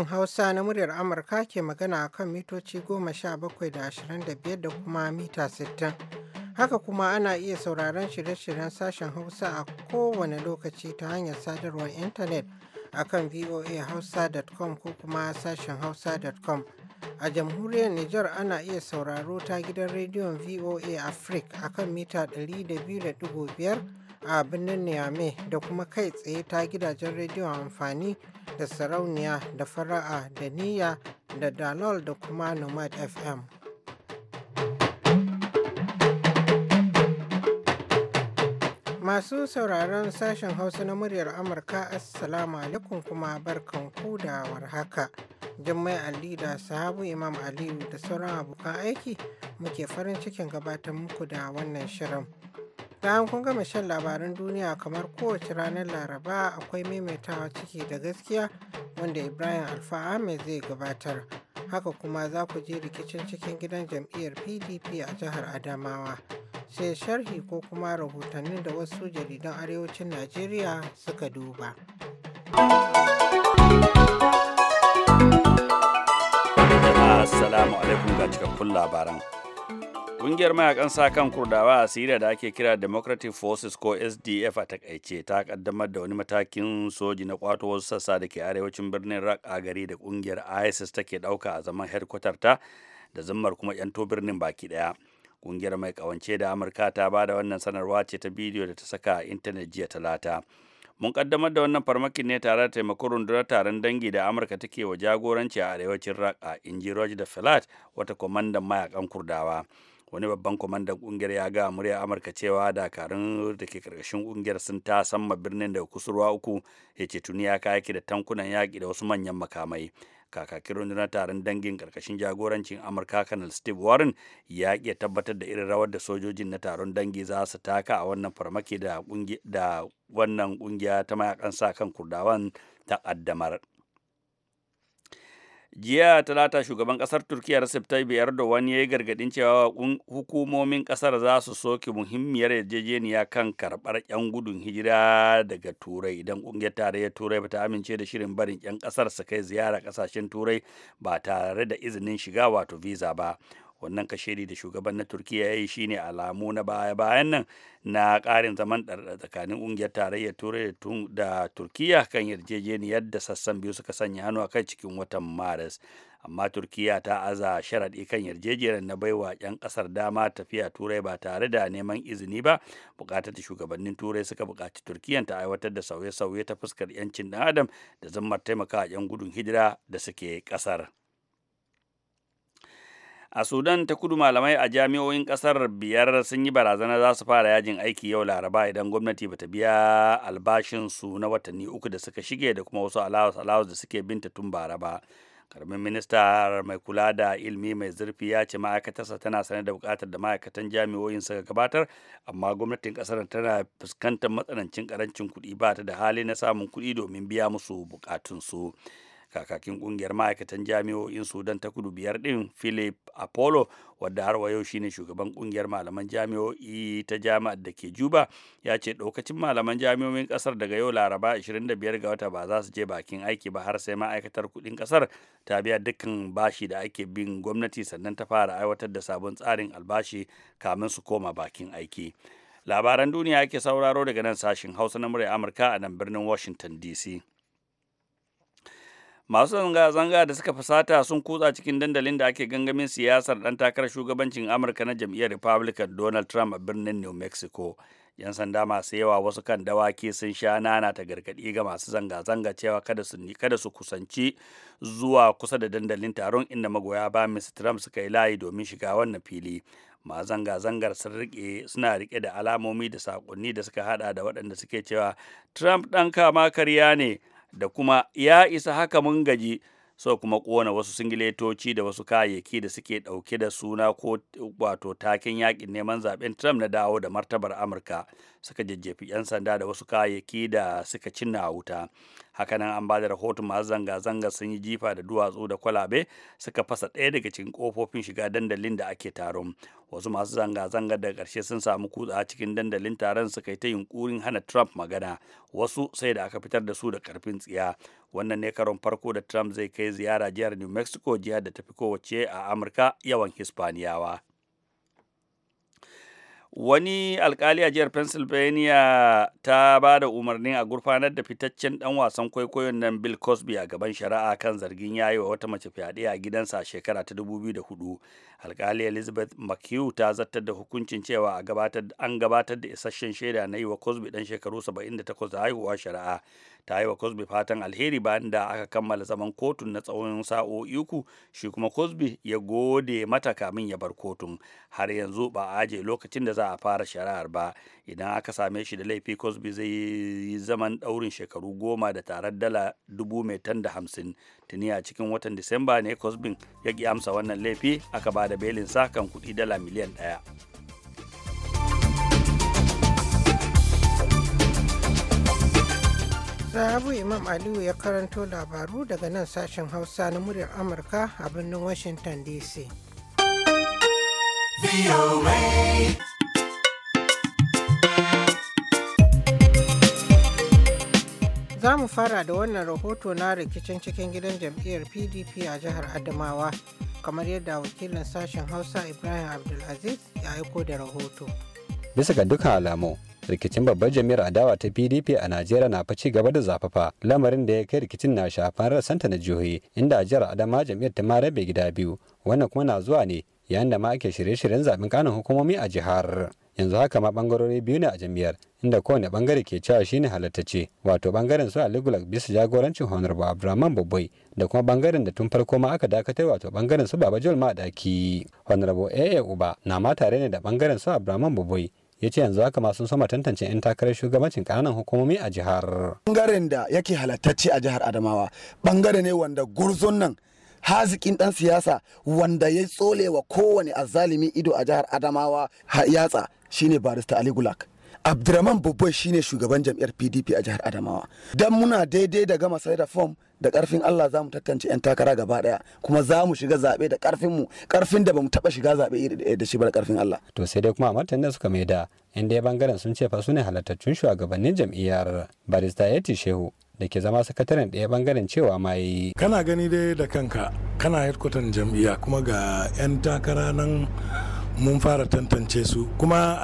Sashen Hausa na muryar Amurka ke magana kan mitoci goma sha bakwai da ashirin da biyar da kuma mita sittin. Haka kuma ana iya sauraron shirye-shiryen sashen Hausa a kowane lokaci ta hanyar sadarwar intanet a kan voahausa.com ko kuma sashen hausa.com. A jamhuriyar Nijar ana iya sauraro ta gidan rediyon VOA Africa a kan mita 200.5 a birnin niyame da kuma kai tsaye ta gidajen rediyon amfani da sarauniya da fara'a da niyya da dalol da kuma nomad fm masu sauraron sashen hausa na muryar amurka assalamu alaikum kuma barkanku da warhaka jummai ali da sahabu imam aliyu da sauran abokan aiki muke farin cikin gabatar muku da wannan shirin Bayan kun gama shan labaran duniya kamar kowace ranar Laraba akwai maimaitawa ciki da gaskiya wanda Ibrahim Alfa Ahmed zai gabatar. Haka kuma za ku je rikicin cikin gidan jam'iyyar PDP a jihar Adamawa. Sai sharhi ko kuma rahotannin da wasu jaridan arewacin Najeriya suka duba. Assalamu alaikum ga cikakkun labaran. kungiyar mayakan sa kan Kurdawa a Siriya da ake kira Democratic Forces ko SDF a takaice ta kaddamar da wani matakin soji na kwato wasu sassa da ke arewacin birnin a gari da kungiyar ISIS take ɗauka a zaman headquarter ta da zammar kuma 'yanto birnin baki daya kungiyar mai kawance da Amurka ta ba da wannan sanarwa ce ta bidiyo da ta saka a intanet jiya talata. Mun kaddamar da wannan farmakin ne tare da taimakon rundunar taron dangi da Amurka take wa jagoranci a arewacin Raqqa, a ji Roger da Filat, wata kwamandan mayakan Kurdawa. wani babban kwamandan kungiyar ya ga murya amurka cewa dakarun da ke karkashin kungiyar sun ta samma birnin da kusurwa uku ya ce tuni ya kayaki da tankunan yaƙi da wasu manyan makamai kakakin rundunar taron dangin karkashin jagorancin amurka kanal steve warren ya iya tabbatar da irin rawar da sojojin na taron dangi za su taka a wannan farmaki da wannan kungiya ta mayakan sa kan kurdawan ta addamar jiya talata shugaban kasar turkiya recep tayyip erdogan ya yi gargadin cewa hukumomin kasar za su soke muhimmiyar yarjejeniya kan karbar yan gudun hijira daga turai idan kungiyar tarayyar turai bata amince da shirin barin yan kasar su kai ziyara kasashen turai ba tare da izinin shiga wato visa ba wannan kashedi da shugaban na turkiya ya yi shine alamu na baya-bayan nan na karin zaman tsakanin ƙungiyar tarayyar turai da turkiya kan yarjejeniyar da sassan biyu suka sanya hannu a kai cikin watan maris amma turkiya ta aza sharaɗi kan yarjejeniyar na baiwa 'yan ƙasar dama tafiya turai ba tare da neman izini ba buƙatar da shugabannin turai suka bukaci turkiyan ta aiwatar da sauye-sauye ta fuskar 'yancin ɗan adam da zammar taimaka 'yan gudun hijira da suke ƙasar. a sudan ta kudu malamai a jami'o'in kasar biyar sun yi barazana za su fara yajin aiki yau laraba idan gwamnati bata biya albashinsu na watanni uku da suka shige da kuma wasu alawas alawas da suke binta tun bara ba karamin minista mai kula da ilimi mai zurfi ya ce ma'aikatarsa tana sanar da bukatar da ma'aikatan jami'o'in suka gabatar amma gwamnatin kasar tana fuskantar matsanancin karancin kuɗi ba ta da hali na samun kuɗi domin biya musu bukatunsu su kakakin kungiyar ma'aikatan jami'o'in sudan ta kudu biyar din philip apollo wadda har wa yau shine shugaban kungiyar malaman jami'o'i ta jami'ar da ke juba ya ce ɗaukacin malaman jami'o'in kasar daga yau laraba 25 ga wata ba za su je bakin aiki ba har sai ma'aikatar kudin kasar ta biya dukkan bashi da ake bin gwamnati sannan ta fara aiwatar da sabon tsarin albashi kamin su koma bakin aiki labaran duniya ake sauraro daga nan sashin hausa na murya amurka a nan birnin washington dc masu zanga-zanga da suka fusata sun kutsa cikin dandalin da ake gangamin siyasar dan takarar shugabancin amurka na jam'iyyar republican donald trump a birnin new mexico yan sanda masu yawa wasu kan dawaki sun sha nana ta gargaɗi ga masu zanga-zanga cewa kada su kada su kusanci zuwa kusa da dandalin taron inda magoya ba Mr. Trump suka yi layi domin shiga wannan fili ma zanga-zangar sun rike suna rike da alamomi da sakonni da suka hada da waɗanda suke cewa Trump ɗan kama karya ne da kuma ya isa haka mun gaji so kuma kona wasu singiletoci da wasu kayayyaki da suke ɗauke da suna ko wato takin yakin neman zaben Trump na dawo da martabar Amurka suka jajjefi 'yan sanda da wasu kayayyaki da suka cinna a wuta. hakanan an ba da rahoton masu zanga-zanga sun yi jifa da duwatsu da kwalabe suka fasa ɗaya daga cikin kofofin shiga dandalin da ake taron wasu masu zanga-zanga da ƙarshe sun samu kutsa a cikin dandalin taron suka yi ta yunkurin hana trump magana wasu sai da aka fitar da su da ƙarfin tsiya wannan ne karon farko da trump zai kai ziyara jihar new mexico jihar da tafi kowace a amurka yawan hispaniyawa wani alkali a jihar pennsylvania ta ba da umarnin a gurfanar da fitaccen dan wasan kwaikwayon nan bill cosby a gaban shari'a kan zargin ya yi wa wata mace fyaɗe a gidansa a shekara ta 2004 alkali elizabeth mchugh ta zartar da hukuncin cewa an gabatar da isasshen shaida na yi wa cosby dan shekaru 78 da haihuwa shari'a ta yi wa Cosby fatan alheri bayan da aka kammala zaman kotun na tsawon sa'o'i uku shi kuma Cosby ya gode mata kamin ya bar kotun har yanzu ba a aje lokacin da za a fara shari'ar ba idan aka same shi da laifi Cosby zai yi zaman daurin shekaru goma da tarar dala dubu mai tan da hamsin tuni a cikin watan Disamba ne Cosby ya ki amsa wannan laifi aka ba da belinsa kan kuɗi dala miliyan ɗaya. abu imam aliyu ya karanto labaru daga nan sashen hausa na muryar amurka a birnin washington dc za mu fara da wannan rahoto na rikicin cikin gidan jam'iyyar pdp a jihar adamawa kamar yadda wakilin sashen hausa ibrahim abdulaziz ya aiko da rahoto bisa ga duka alamu rikicin babbar jami'ar adawa ta pdp a najeriya na fa gaba da zafafa lamarin da ya kai rikicin na shafan santa na jihohi inda a jihar adama jami'ar ta Mara bai gida biyu wannan kuma na zuwa ne yayin da ma ake shirye-shiryen zaben kanun hukumomi a jihar yanzu haka ma bangarori biyu ne a jami'ar inda kowane bangare ke cewa shine halattace wato bangaren su aligulak bisa jagorancin honorable abdulrahman Boboi. da kuma bangaren da tun farko ma aka dakatar wato bangaren su baba jol ma daki honorable aa uba na ma tare ne da bangaren su abdulrahman Boboi. ya ce yanzu haka masu sama tantance 'yan takarar shugabancin kananan hukumomi a jihar. Bangaren da yake halattacce a jihar Adamawa bangare ne wanda gurzon nan hazikin dan siyasa wanda ya tsolewa wa kowane azalimi ido a jihar Adamawa yatsa shine barista Ali Gulak. abdurrahman babban shine shugaban jam'iyyar pdp a jihar adamawa don muna daidai da gama sai da fom da karfin allah za mu tantance 'yan takara gaba daya kuma za mu shiga zaɓe da karfin mu karfin da ba mu taɓa shiga zaɓe da shi ba da karfin allah to sai dai kuma a martanin da suka da yan dai bangaren sun ce fa su ne halattaccun shugabannin jam'iyyar barista yati shehu da ke zama sakataren ɗaya bangaren cewa ma yi kana gani dai da kanka kana hedkwatan jam'iyya kuma ga 'yan takara nan mun fara tantance su kuma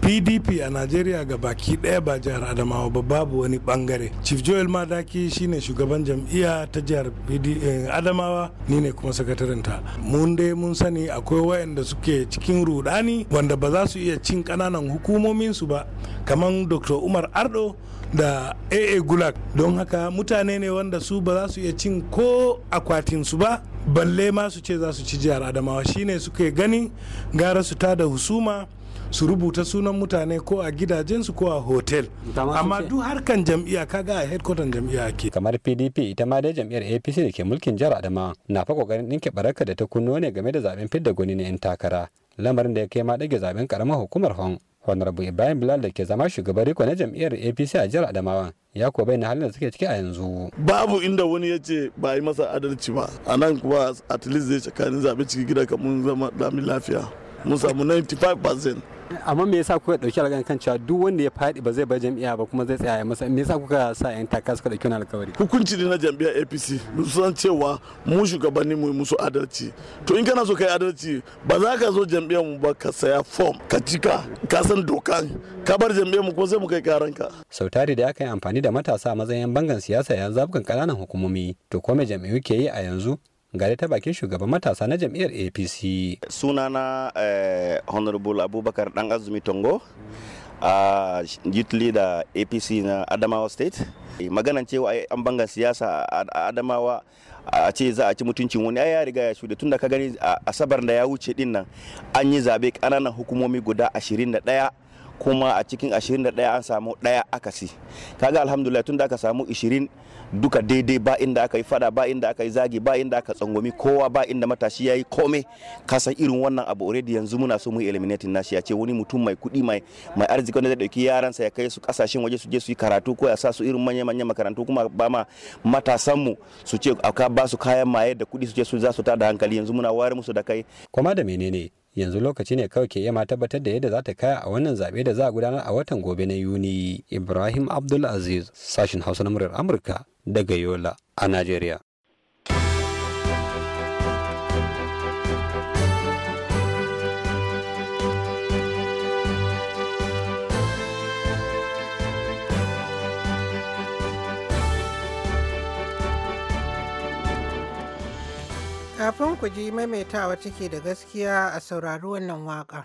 pdp a najeriya ga baki daya ba jihar adamawa ba babu wani bangare chief joel madaki shine shugaban jam'iyya ta jihar eh, adamawa ni ne kuma sakatarinta mun dai mun sani akwai wayanda suke cikin rudani wanda ba za su iya cin kananan hukumomin su ba kamar dr umar ardo da aa gulag don haka mutane ne wanda su ba za su iya cin ko akwatin su ba balle ma su ce za su ci jihar adamawa shine suke gani gara su ta da husuma su rubuta sunan mutane ko a gidajensu ko a hotel amma duk harkan jam'iyya kaga a headquarter jam'iyya ke kamar pdp ita ma dai jam'iyyar apc da ke mulkin jihar adamawa na fa kokarin ɗinke baraka da ta kunno ne game da zaben fidda gwani na 'yan takara lamarin da ya kai ma dage zaben karamar hukumar hong honorable ibrahim bilal da ke zama shugaban riko na jam'iyyar apc a jihar adamawa ya kuwa bayyana halin da suke ciki a yanzu babu inda wani ya ce ba yi masa adalci ba a nan kuwa at least zai tsakanin zaɓe ciki gida kamun zama damin lafiya mun samu 95% amma me yasa kuka dauki alƙawarin kan cewa duk wanda ya faɗi ba zai bar jam'iyya ba kuma zai tsaya masa me yasa kuka sa yan taka suka dauki wannan alƙawari hukunci ne na jam'iyyar APC mun san cewa mu shugabanni mu musu adalci to in kana so kai adalci ba za ka zo jam'iyyar mu ba ka saya form ka cika ka san dokan ka bar jam'iyyar mu ko sai mu kai karanka tari da aka yi amfani da matasa a matsayin bangan siyasa yayin zabukan kananan hukumomi to kome jam'iyyu ke yi a yanzu gare ta bakin shugaban matasa na jam'iyyar apc sunana eh, honorable abubakar dan azumi tongo a youth leader apc na adamawa state eh, maganan cewa an banga siyasa a adamawa a ce za a ci mutuncin wani ya riga ya shuɗe tunda ka gani asabar da ya wuce din nan an yi zabe ƙananan hukumomi guda 21 kuma a cikin 21 an samu ɗaya akasi kaga alhamdulillah tun da aka samu 20 duka daidai ba inda aka yi fada ba inda aka yi zagi ba inda aka tsangwami kowa ba inda matashi ya yi kome kasan irin wannan abu already yanzu muna so mu eliminating nashi ya ce wani mutum mai kudi mai mai arziki wanda zai ɗauki yaransa ya kai su kasashen waje su je su yi karatu ko ya sa su irin manya manyan makarantu kuma ba ma matasanmu su ce aka ba su kayan maye da kuɗi su ce su za su tada hankali yanzu muna wari musu da kai. kuma da menene yanzu lokaci ne kawai ke ma tabbatar da yadda za ta kaya a wannan zaɓe da za a gudanar a watan gobe na yuni ibrahim abdulaziz sashin hausa na muryar amurka daga yola a najeriya Kafin ku ji maimaitawa take da gaskiya a saurari wannan waƙa.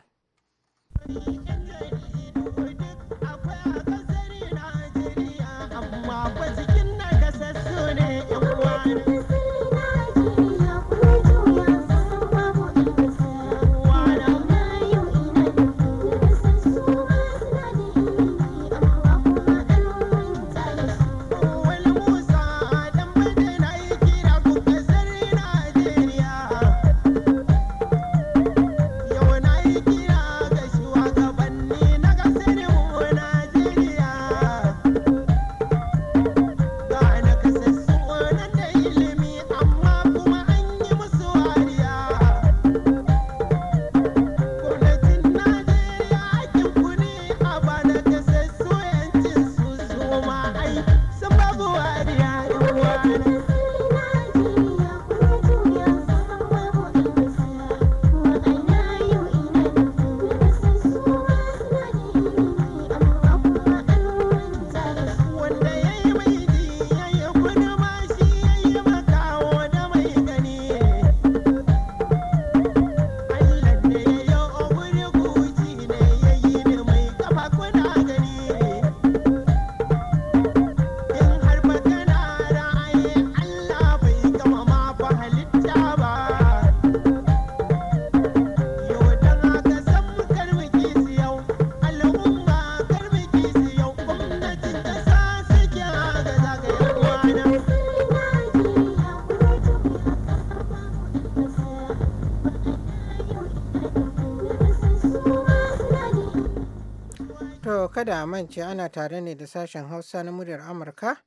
To kada a mance ana tare ne da sashen Hausa na muryar Amurka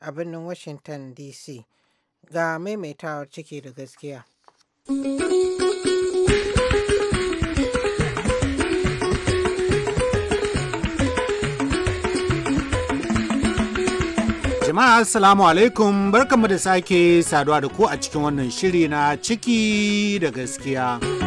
a birnin Washington DC ga maimaitawa ciki da gaskiya. Jama'a Assalamu alaikum barkamu da sake saduwa da ku a cikin wannan shiri na ciki da gaskiya.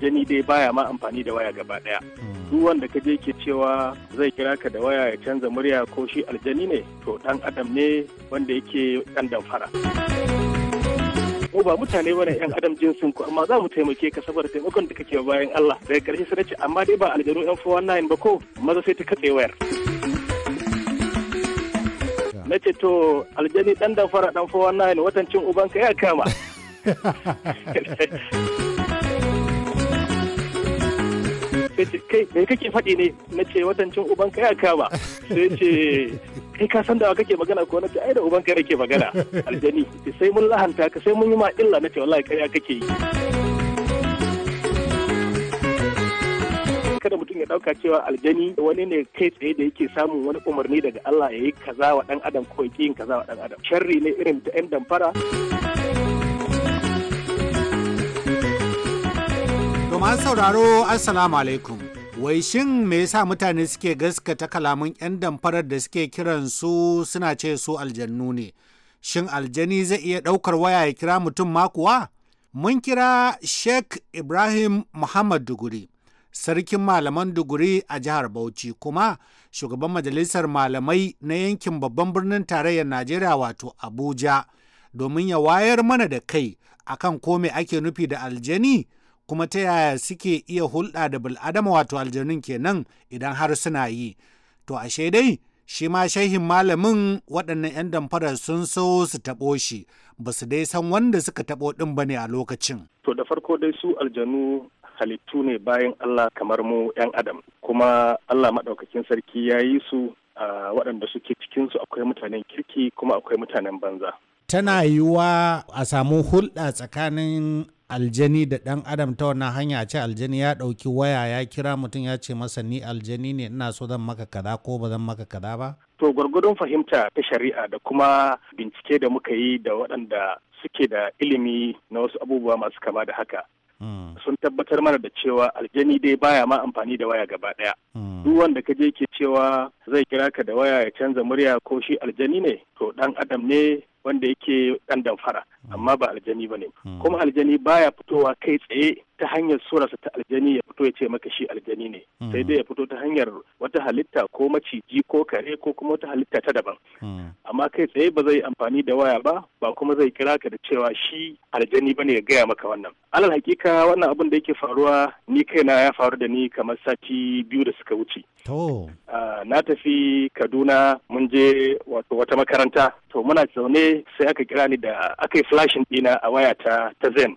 gani dai baya ma amfani da waya gaba daya hmm. duk wanda ka je ke cewa zai kira ka da waya ya canza murya ko shi aljani ne to dan adam ne wanda yake dan damfara mu ba mutane bane yan adam jinsin ku amma za mu taimake ka saboda taimakon da kake bayan Allah daga karshe sai ce amma dai ba aljanu yan 419 ba ko maza sai ta katse wayar na ce to aljani dan damfara dan 419 watan cin ubanka ya kama ce kai me kake faɗi ne na ce watancin uban kai aka ba sai ce kai ka san da kake magana ko na ce ai da uban kai yake magana aljani sai mun lahanta ka sai mun yi ma illa na ce wallahi kai ya kake yi kada mutum ya dauka cewa aljani wani ne kai tsaye da yake samun wani umarni daga Allah ya yi kaza wa dan adam ko yake yin kaza wa dan adam sharri ne irin ta yan damfara masu sauraro Assalamu alaikum. Wai shin me yasa mutane suke gaskata kalaman 'yan damfarar da suke kiran su suna ce su aljannu ne? Shin aljani zai iya ɗaukar waya ya kira mutum makuwa? Mun kira Sheikh Ibrahim Muhammad Duguri, sarkin malaman Duguri a jihar Bauchi kuma shugaban majalisar malamai na yankin babban birnin tarayyar Najeriya wato Abuja, domin ya wayar mana da kai akan ko me ake nufi da aljani. kuma ta yaya suke iya hulɗa da bil'adama wato aljanun kenan idan har suna yi to ashe dai shi ma shaihin malamin waɗannan 'yan damfarar sun so su taɓo shi ba su dai san wanda suka taɓo ɗin ba ne a lokacin. To da farko dai su aljanu halittu ne bayan Allah kamar mu 'yan adam kuma Allah maɗaukakin sarki ya yi su a waɗanda suke cikinsu akwai mutanen kirki kuma akwai mutanen banza. Tana yiwuwa a samu hulɗa tsakanin aljani da ɗan adam ta wannan hanya ce aljani ya ɗauki waya ya kira mutum ya ce masa ni aljani ne ina so zan maka kaza ko ba zan maka kaza ba? To gwargwadon fahimta ta shari'a da kuma bincike da muka yi da waɗanda suke da ilimi na wasu abubuwa masu kama da haka. Hmm. Sun tabbatar mana da cewa aljani dai baya ma amfani da waya gaba ɗaya. Hmm. Duk wanda ka je ke cewa zai kira ka da waya ya canza murya ko shi aljani ne to ɗan adam ne wanda yake ɗan damfara hmm. amma ba aljani ba ne hmm. kuma aljani baya fitowa kai tsaye ta hanyar surarsa ta aljani ya fito ya ce maka shi aljani ne hmm. sai dai ya fito ta hanyar wata halitta ko maciji ko kare ko kuma wata halitta ta daban hmm. amma kai tsaye ba zai amfani da waya ba ba kuma zai kira ka da cewa shi aljani bane ya gaya maka wannan alal hakika wannan abin da yake faruwa ni kaina ya faru da ni kamar sati biyu da suka wuce ah, na tafi kaduna mun je wato wata makaranta to muna zaune sai aka kira ni da aka yi flashin dina a waya ta zen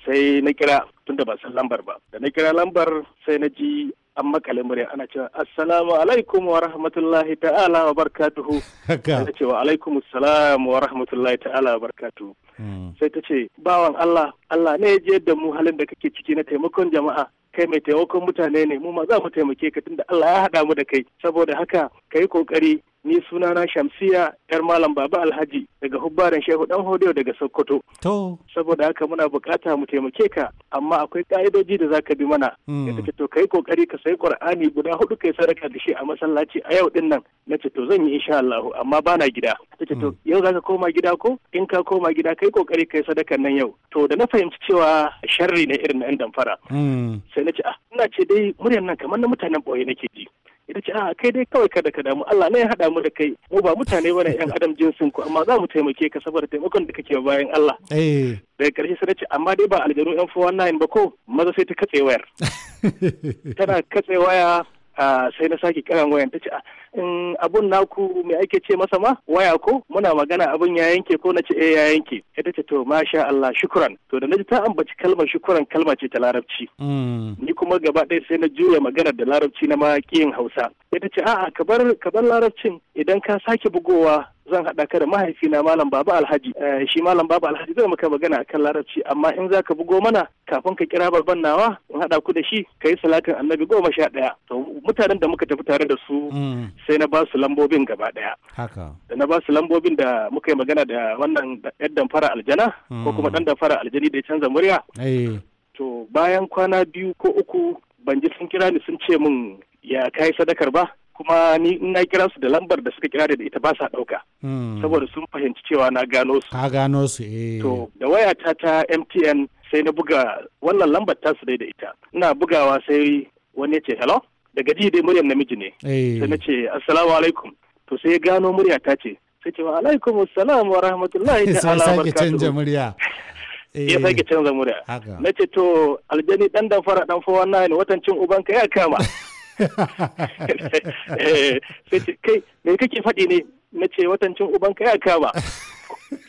sai na kira tunda ba san lambar ba da na kira lambar sai na ji an makale murya ana cewa assalamu alaikum wa rahmatullahi ta'ala wa barkatuhu ana cewa alaikum assalam wa rahmatullahi ta'ala wa barkatuhu hmm. sai ta ce bawan Allah Allah ne ya je da mu halin da kake ciki na taimakon jama'a kai mai taimakon mutane ne mu ma za mu taimake ka tunda Allah ya haɗa mu da kai saboda haka ka yi kokari ni sunana shamsiya yar malam baba alhaji daga hubbaren shehu dan hodiyo daga sokoto to saboda haka muna bukata mu taimake ka amma akwai ka'idoji da zaka bi mana da hmm. to kai kokari ka sayi qur'ani guda hudu kai sadaka da shi a masallaci a yau din nan ce to zan yi insha Allah amma bana gida ce to hmm. yau zaka koma gida ko in ka koma gida kai kokari kai sadakan nan yau to da na fahimci cewa sharri ne irin nan damfara hmm. sai na ce ah ina ce dai muryar nan kamar na mutanen boye nake ji ita ce a ah, kai dai kawai kada ka damu Allah ne ya haɗa mu da kai mu ba mutane bane yan adam jinsin ku amma za mu taimake ka saboda taimakon da kake bayan Allah eh. daga ƙarshe sai ce amma dai ba aljanu yan 419 ba ko maza sai ta katse wayar tana katse waya ah, sai na sake kiran wayan ta ce abun naku mai ake ce masa ma waya ko muna magana abun ya yanke ko na ce eh ya yanke ita ce to masha Allah shukran to da naji ta ambaci kalmar shukran kalma ce ta larabci mm. ni kuma gaba ɗaya sai na juya maganar da larabci na ma Hausa ita ce a'a ka bar ka bar larabcin idan ka sake bugowa zan haɗa ka da mahaifina malam baba alhaji eh, shi malam baba alhaji zai maka magana kan larabci amma in za ka bugo mana kafin ka kira babban nawa in haɗa ku da shi ka yi salatin annabi goma sha ɗaya to mutanen da muka tafi tare da su mm. sai na ba su lambobin gaba daya da na ba su lambobin da muka yi magana da wannan yan damfara aljana ko kuma dan mm. damfara aljani da ya canza murya eh. to bayan kwana biyu ko uku ban ji sun kira ni sun ce min ya kai sadakar ba kuma ni in na kira su da lambar da suka kira da ita ba sa dauka mm. saboda sun fahimci cewa na gano su ka gano su eh to da wayata ta MTN sai na buga wannan lambar tasu dai da ita ina bugawa sai wani ya ce hello daga ji dai muryar namiji ne eh. sai na ce assalamu alaikum to sai ya gano murya ta ce sai ce wa alaikum assalam wa rahmatullahi ta'ala sai sake canja murya ya sake eh. canza murya na ce to aljani dan dan fara dan fowa na ne watan cin ubanka ya kama eh, sai ce kai me kake faɗi ne na ce watan cin ubanka ya kama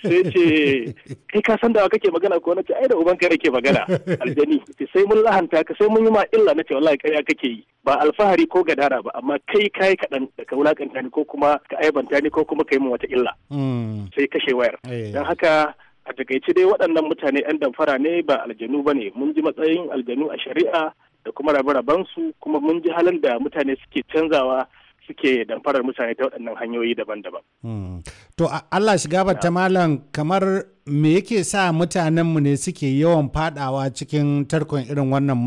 sai ce kai ka san da kake magana ko na ce ai da uban ka nake magana aljani sai mun lahanta ka sai mun yi ma illa na ce wallahi kai kake yi ba alfahari ko gadara ba amma kai kai kaɗan da ka wulakanta ni ko kuma ka aibanta ni ko kuma ka yi wata illa hmm. sai kashe wayar eh. dan haka a takaice dai waɗannan mutane 'yan damfara ne ba aljanu ba ne mun ji matsayin aljanu a shari'a da kuma rabe-raben su kuma mun ji halin da mutane suke canzawa suke damfarar mutane ta waɗannan hanyoyi daban-daban. Hmm. To Allah shiga ta malam kamar me yake sa mutanenmu ne suke yawan fadawa cikin tarkon irin wannan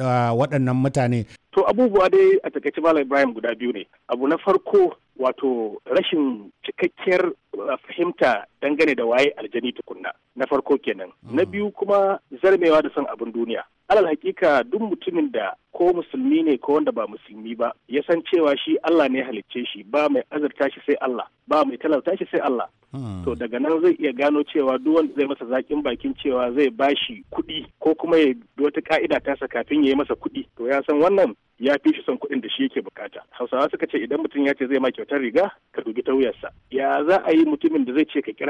ah, waɗannan mutane? To abubuwa dai a takaice malam Ibrahim guda biyu ne. Abu na farko wato rashin cikakkiyar ah, fahimta dangane da waye aljani tukunna na farko kenan na hmm. biyu kuma zarmewa da son abin duniya alal hakika duk mutumin da ko musulmi ne ko wanda ba musulmi ba ya san cewa shi Allah ne halicce shi ba mai azurta shi sai Allah ba mai talauta shi sai Allah hmm. to daga nan zai iya gano cewa duk wanda zai masa zakin bakin cewa zai bashi kuɗi ko kuma ya wata ka'ida ta sa kafin ya yi masa kuɗi to ya san wannan ya fi shi son kuɗin da shi yake bukata hausawa suka ce idan mutum ya ce zai ma kyautar riga ka dubi ta wuyarsa ya za a yi mutumin da zai ce ka kira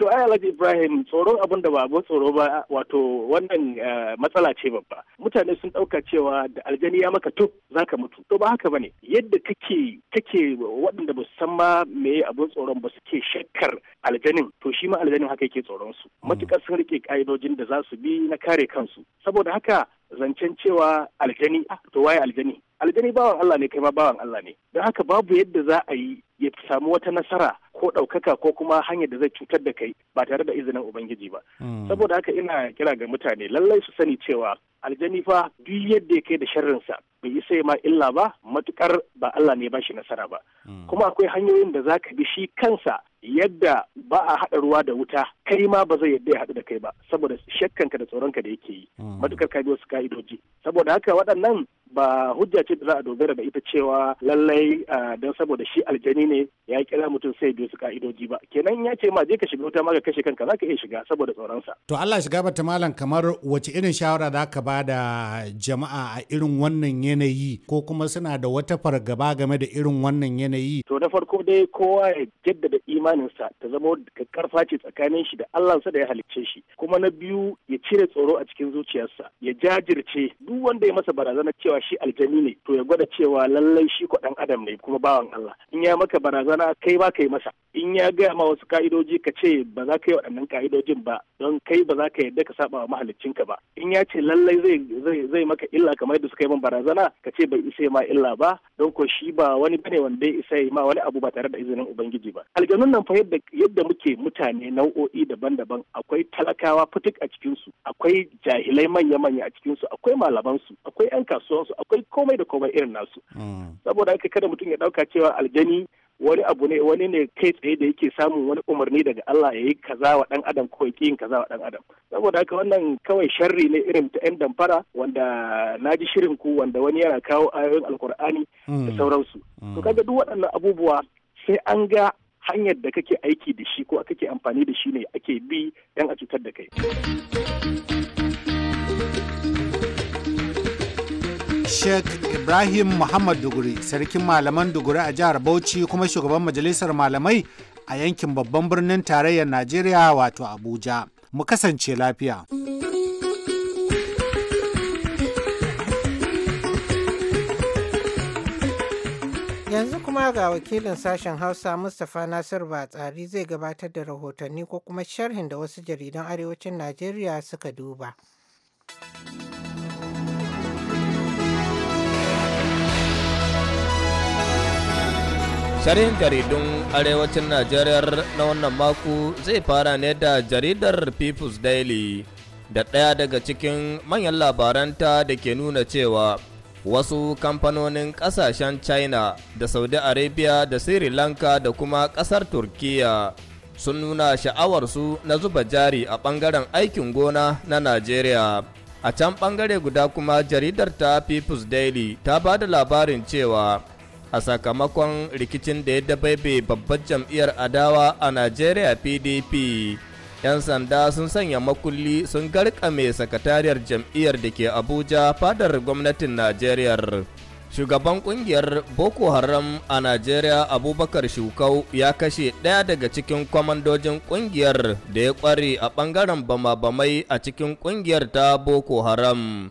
To ai Alhaji Ibrahim tsoron abin da ba abin tsoro ba wato wannan eh, matsala ce babba. Mutane sun ɗauka cewa da aljani ya maka to za ka mutu. To ba haka bane. Yadda kake kake waɗanda ba su san ma me abin tsoron ba suke shakkar aljanin to shi ma aljanin haka yake tsoron su. Mm. Matuƙar sun rike ka'idojin da za su bi na kare kansu. Saboda haka zancen cewa aljani ah, to waye aljani aljani bawan Allah ne kai ma bawan Allah ne don haka babu yadda za a yi ya samu wata nasara ko ɗaukaka ko kuma hanyar da zai cutar da kai ba tare da izinin ubangiji ba hmm. saboda haka ina kira ga mutane lallai su sani cewa aljani fa duk yadda ya kai da sharrinsa bai yi sai ma illa ba matukar ba Allah ne ba shi nasara ba hmm. kuma akwai hanyoyin da za ka bi shi kansa yadda ba a haɗa ruwa da wuta kai ma ba zai yadda ya haɗu da kai ba saboda shakkanka da tsoronka da yake yi hmm. matukar ka bi wasu ka'idoji saboda haka waɗannan ba hujja ce da za a dogara da ita cewa lallai don saboda shi aljani ne ya kira mutum sai bi wasu ka'idoji ba kenan ya ce ma je ka shiga wuta ma ka kashe kanka za ka iya shiga saboda tsoronsa. to Allah shiga bata malam kamar wace irin shawara za ka ba da jama'a a irin wannan yanayi ko kuma suna da wata fargaba game da irin wannan yanayi. to na farko dai kowa ya jaddada imani imaninsa ta zama karfa ce tsakanin shi da Allahnsa da ya halicce shi kuma na biyu ya cire tsoro a cikin zuciyarsa ya jajirce duk wanda ya masa barazana cewa shi aljani ne to ya gwada cewa lallai shi ko dan adam ne kuma bawan Allah in ya maka barazana kai ba kai masa in ya gaya ma wasu ka'idoji ka ce ba za ka yi waɗannan ka'idojin ba don kai ba za ka yadda ka saba wa mahaliccinka ba in ya ce lallai zai zai maka illa kamar yadda suka yi min barazana ka ce bai isa ma illa ba don ko shi ba wani bane wanda ya isa ma wani abu ba tare da izinin ubangiji ba aljanun wannan fa yadda muke mutane nau'o'i daban-daban akwai talakawa fitik a cikinsu akwai jahilai manya-manya a cikinsu akwai malamansu akwai 'yan kasuwansu akwai komai da komai irin nasu mm. saboda haka kada mutum ya ɗauka cewa aljani wani abu ne wani ne kai tsaye da yake samun wani umarni daga Allah ya yi kaza wa dan adam ko ya yin kaza wa ɗan adam saboda haka wannan kawai sharri ne irin ta yan damfara wanda na ji shirin ku wanda wani yana kawo ayoyin alkur'ani da mm. sauransu to mm. kaga duk waɗannan abubuwa sai an ga hanyar da kake aiki da shi ko kake amfani da shi ne ake bi don a cutar da kai. Sheikh Ibrahim Muhammad Duguri, sarkin malaman Duguri a jihar Bauchi kuma shugaban majalisar malamai a yankin babban birnin tarayyar Najeriya wato Abuja. Mu kasance lafiya. kuma ga wakilin sashen Hausa Mustapha Nasir Batsari zai gabatar da rahotanni ko kuma sharhin da wasu jaridan arewacin Najeriya suka duba. Sharhin jaridun arewacin Najeriya na wannan mako zai fara ne da jaridar People's Daily da ɗaya daga cikin manyan labaranta da ke nuna cewa wasu kamfanonin ƙasashen china da saudi arabia da sri lanka da kuma ƙasar turkiya sun nuna sha'awarsu na zuba jari a ɓangaren aikin gona na najeriya a can bangare guda kuma jaridar ta people's daily ta ba da labarin cewa a sakamakon rikicin da ya dabaibe babbar jam'iyyar adawa a najeriya pdp 'yan sanda sun sanya makulli sun garkame sakatariyar jam'iyyar da ke abuja fadar gwamnatin najeriya shugaban kungiyar boko haram a najeriya abubakar shukau ya kashe ɗaya daga cikin kwamandojin kungiyar da ya kware a ɓangaren bama-bamai a cikin kungiyar ta boko haram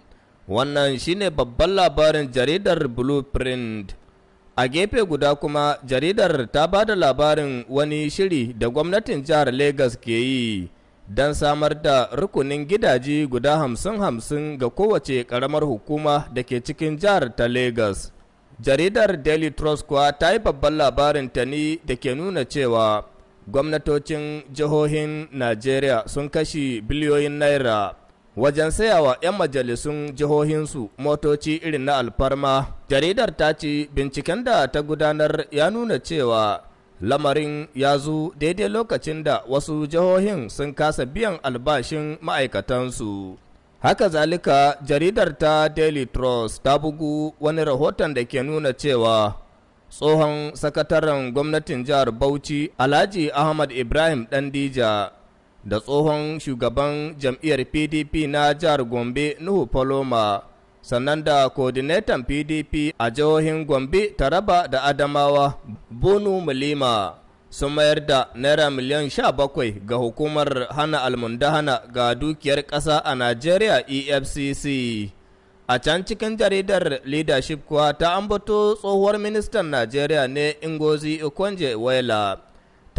wannan shine babban labarin jaridar blueprint a gefe guda kuma jaridar ta ba da labarin wani shiri da gwamnatin jihar Legas ke yi don samar da rukunin gidaje guda hamsin-hamsin ga kowace karamar hukuma da ke cikin jihar ta Legas. Jaridar Daily Trust kuwa ta yi babban labarin ta ni da ke nuna cewa gwamnatocin jihohin Najeriya sun kashe biliyoyin naira wajen sayawa 'yan majalisun jihohinsu motoci irin na alfarma jaridar ta ce binciken da ta gudanar ya nuna cewa lamarin ya zo daidai lokacin da wasu jihohin sun kasa biyan albashin ma'aikatansu haka zalika jaridar ta daily trust ta bugu wani rahoton da ke nuna cewa tsohon sakataren gwamnatin jihar bauchi alhaji ahmad ibrahim dandija da tsohon shugaban jam'iyyar pdp na jihar gombe nuhu paloma sannan da coordinator pdp a jihohin gombe taraba da adamawa bonu mulima sun mayar da naira miliyan sha bakwai ga hukumar hana almundahana ga dukiyar ƙasa a najeriya efcc a can cikin jaridar leadership kuwa ta ambato tsohuwar ministan najeriya ne ingozi okonje wela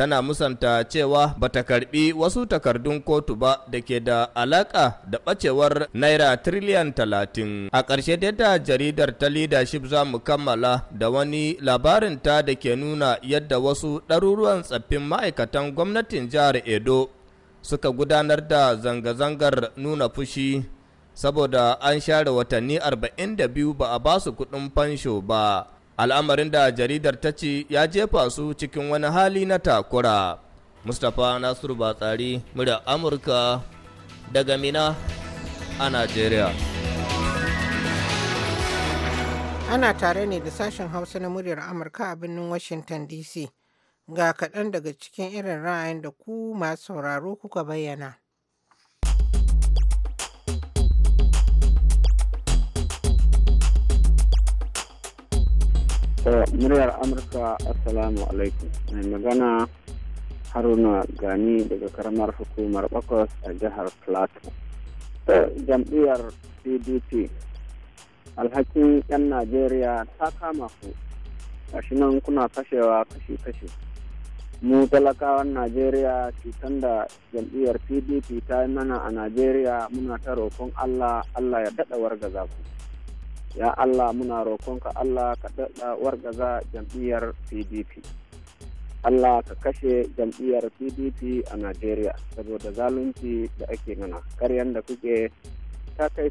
tana musanta cewa bata karbi wasu takardun kotu ba da ke da alaka da bacewar naira triliyan talatin a ƙarshe dai da jaridar ta leadership za mu kammala da wani labarin ta da ke nuna yadda wasu ɗaruruwan tsaffin ma'aikatan gwamnatin jihar edo suka gudanar da zanga-zangar nuna fushi saboda an share watanni 42 ba a basu kuɗin fansho ba al'amarin da jaridar ta ce ya jefa su cikin wani hali na takura mustapha nasiru batsari murya amurka daga mina a nigeria. ana tare ne da sashen hausa na muryar amurka a birnin washington dc ga kaɗan daga cikin irin ra'ayin da ku masu sauraro kuka bayyana Eh, muryar amurka assalamu alaikum mai magana haruna gani daga karamar hukumar bakwas a jihar plateau eh, jam'iyyar pdp alhakin 'yan najeriya ta kama ku gashi nan kuna kashewa kashi-kashi mu talakawan najeriya cutan da jam'iyyar pdp ta yi mana a najeriya muna ta roƙon allah allah ya daɗa wargaza ku ya Allah muna roƙonka Allah ka daɗa wargaza jam'iyyar PDP. Allah ka kashe jam'iyyar PDP a Najeriya saboda zalunci da ake nana karyan da kuke ta kai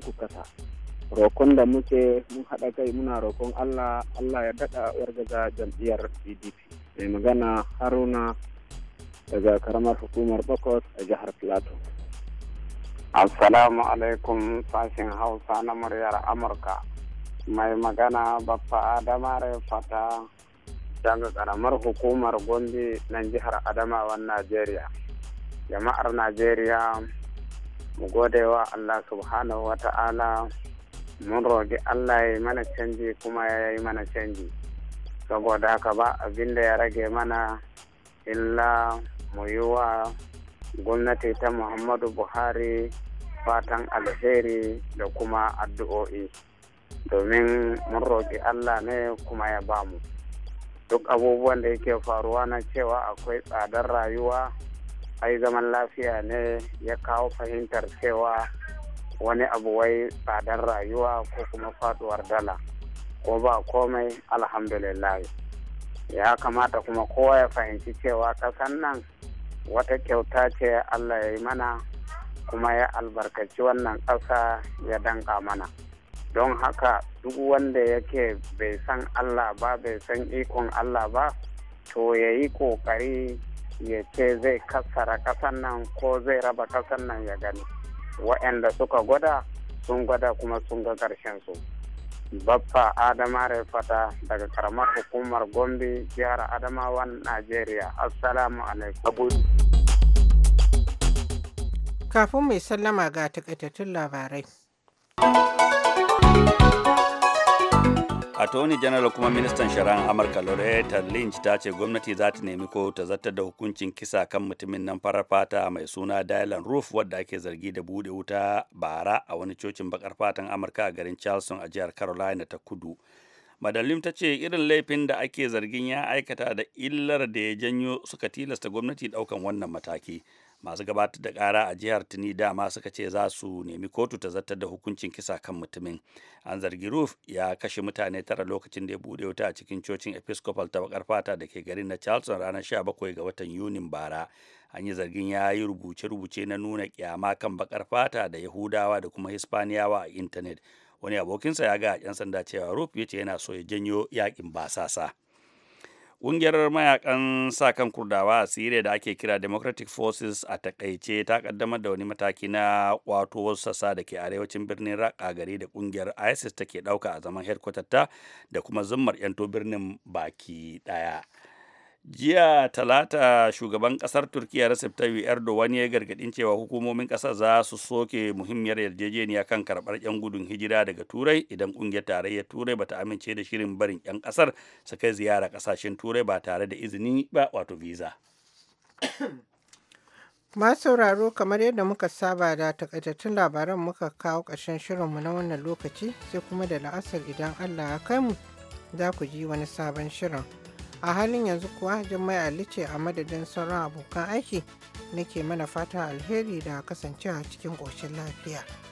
ku kasa. Rokon da muke mun haɗa kai muna roƙon Allah Allah ya daɗa wargaza jam'iyyar PDP. Mai magana Haruna daga karamar hukumar Bakos a jihar Plateau. Assalamu alaikum sashen Hausa na muryar Amurka. Mai magana bafa Adama fata daga karamar hukumar Gombe na jihar Adamawan Najeriya. Jama'ar Najeriya mu gode wa Allah subhanahu wa ta'ala mun roƙi Allah ya yi mana canji kuma ya yi mana canji. Saboda ka ba abin da ya rage mana illa mu yi wa gwamnati ta Muhammadu Buhari fatan alheri da kuma addu'o'i domin mun roƙi Allah ne kuma ya bamu duk abubuwan da yake faruwa na cewa akwai tsadar rayuwa ai zaman lafiya ne ya kawo fahimtar cewa wani abu wai tsadar rayuwa ko kuma faduwar dala ko ba komai alhamdulillah ya kamata kuma kowa ya fahimci cewa ƙasan nan wata kyauta ce Allah ya yi mana kuma ya albarkaci wannan ƙasa ya danka mana don haka duk wanda yake bai san allah ba bai san ikon allah ba to ya yi ƙoƙari ya ce zai kassara ƙasan nan ko zai raba ƙasan nan ya gani waɗanda suka gwada sun gwada kuma sun ga ƙarshen su baffa adama fata daga karamar hukumar gombe jihar adamawan najeriya assalamu alaikum Kafin mai sallama ga takaitattun labarai. attorney general kuma ministan shari'ar amurka loretta lynch ta ce gwamnati za ta nemi ko ta zartar da hukuncin kisa kan mutumin nan farar fata mai suna dylan roof wadda ake zargi da bude wuta bara a wani cocin bakar fatan amurka a garin charleston a jihar carolina ta kudu madalim ta ce irin laifin da ake zargin ya aikata da illar da ya janyo suka tilasta gwamnati daukan wannan mataki masu gabatar da kara a jihar tuni dama suka ce za su nemi kotu ta zartar da hukuncin kisa kan mutumin an zargi roof ya kashe mutane tara lokacin da ya bude wuta a cikin cocin episcopal ta bakar fata da ke garin na charleston ranar 17 ga watan yunin bara an yi zargin ya yi rubuce-rubuce na nuna kyama kan bakar fata da yahudawa da kuma hispaniyawa a intanet wani abokinsa ya ga 'yan sanda cewa roof ya ce yana so ya janyo yakin basasa. Ƙungiyar mayakan sa kan Kurdawa a Siriya da ake kira Democratic Forces a takaice ta kaddamar da wani mataki na wato wasu sassa da ke arewacin birnin Raqqa gari da ƙungiyar ISIS take ɗauka a zaman headquarter ta da kuma zummar 'yanto birnin baki ɗaya. jiya talata shugaban kasar turkiya recep tayyip erdogan ya gargadin cewa hukumomin kasar za su soke muhimmiyar yarjejeniya kan karbar yan gudun hijira daga turai idan kungiyar tarayyar turai bata amince da shirin barin yan kasar su kai ziyara kasashen turai ba tare da izini ba wato visa masu sauraro kamar yadda muka saba da takaitattun labaran muka kawo ƙarshen shirin mu na wannan lokaci sai kuma da la'asar idan allah ya kai mu za ku ji wani sabon shirin a halin yanzu kuwa Jummai Ali ce a madadin sauran abokan aiki nake mana fata alheri da kasancewa cikin ƙoshin lafiya.